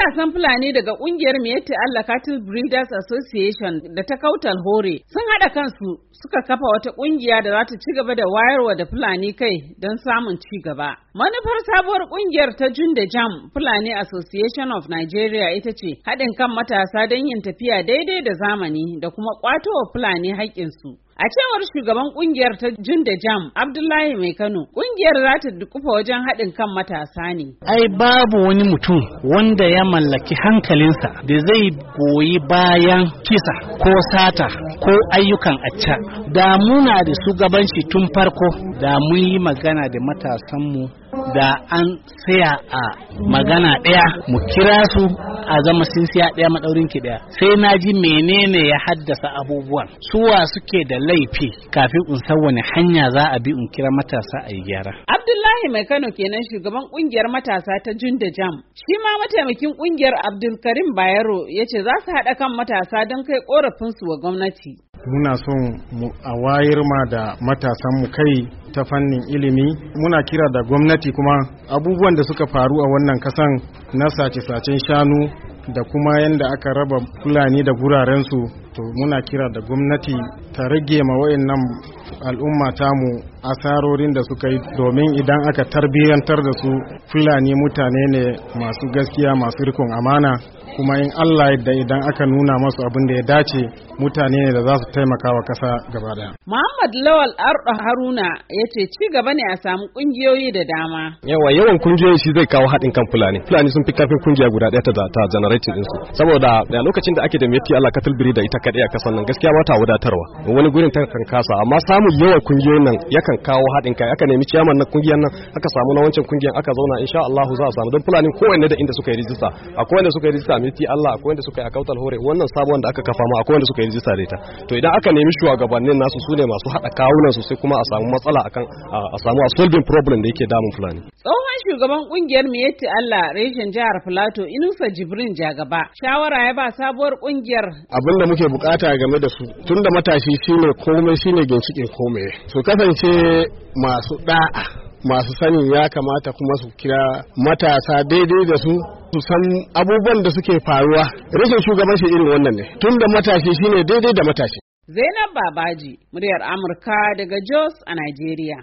Matasan Fulani daga kungiyar Miyetti Allah Cattle Breeders Association da ta Kautal Hore sun haɗa kansu suka kafa wata kungiya da za ta ci gaba da wayarwa da Fulani kai don samun ci gaba. Manufar sabuwar kungiyar ta Junda Jam Fulani Association of Nigeria ita ce haɗin kan matasa don yin tafiya daidai da zamani da kuma ƙwato wa Fulani haƙƙinsu. A cewar shugaban kungiyar ta Junda Jam Abdullahi Mai Kano, kungiyar za ta dukufa wajen haɗin kan matasa ne. Ai babu wani mutum wanda ya mallaki hankalinsa da zai goyi bayan kisa ko sata ko ayyukan acca. Da muna da shugabanci tun farko da mun yi magana da matasanmu da an tsaya a magana ɗaya mu kira su a zama sun siya ɗaya maɗaurin ki ɗaya sai na ji menene ya haddasa abubuwan suwa suke da laifi kafin in san wani hanya za a bi in kira matasa a yi gyara. Abdullahi Mai Kano kenan shugaban kungiyar matasa ta Junda Jam. Shi ma mataimakin kungiyar Abdulkarim Bayero ya ce za su haɗa kan matasa don kai korafin su wa gwamnati. muna son a wayar ma da matasanmu kai ta fannin ilimi muna kira da gwamnati kuma abubuwan da suka faru a wannan kasan na sace-sacen shanu da kuma yadda aka raba fulani da gurarensu to muna kira da gwamnati ta rage ma wayannan al'umma tamu asarorin da suka yi domin idan aka tarbiyyantar da su fulani mutane ne masu gaskiya masu rikon amana kuma in Allah yadda idan aka nuna masu abin da ya dace mutane ne da za su taimaka wa kasa gaba daya. Muhammad Lawal Ardo Haruna ya ce ci gaba ne a samu kungiyoyi da dama. Yawa yawan kungiyoyi shi zai kawo haɗin kan Fulani. Fulani sun fi karfin kungiya guda ɗaya ta ta generating ɗinsu. Saboda a lokacin da ake da meti Allah ka biri da ita kaɗai a kasan nan gaskiya ba ta wadatarwa. Wani gurin ta kan kasa amma samun yawan kungiyoyin nan ya akan kawo haɗin kai aka nemi ciyaman na kungiyar nan aka samu na wancan kungiyar aka zauna insha Allah za a samu don fulani kowanne da inda suka yi rijista akwai wanda suka yi rijista miti Allah akwai wanda suka yi akautal hore wannan sabon da aka kafa ma akwai wanda suka yi rijista da to idan aka nemi shugabannin nasu su ne masu haɗa kawunan su sai kuma a samu matsala akan a samu a solving problem da yake damun fulani tsohon shugaban kungiyar miyatti Allah reshen jihar Filato Inusa Jibrin Jagaba shawara ya ba sabuwar kungiyar abin da muke bukata game da su tunda matashi shine komai shine ginshikin komai su kasance ne masu da'a masu sanin ya kamata kuma su kira matasa daidai da su su san abubuwan da suke faruwa rashin shi irin wannan ne tun da matashi shine daidai da matashi zainab babaji muryar amurka daga jos a nigeria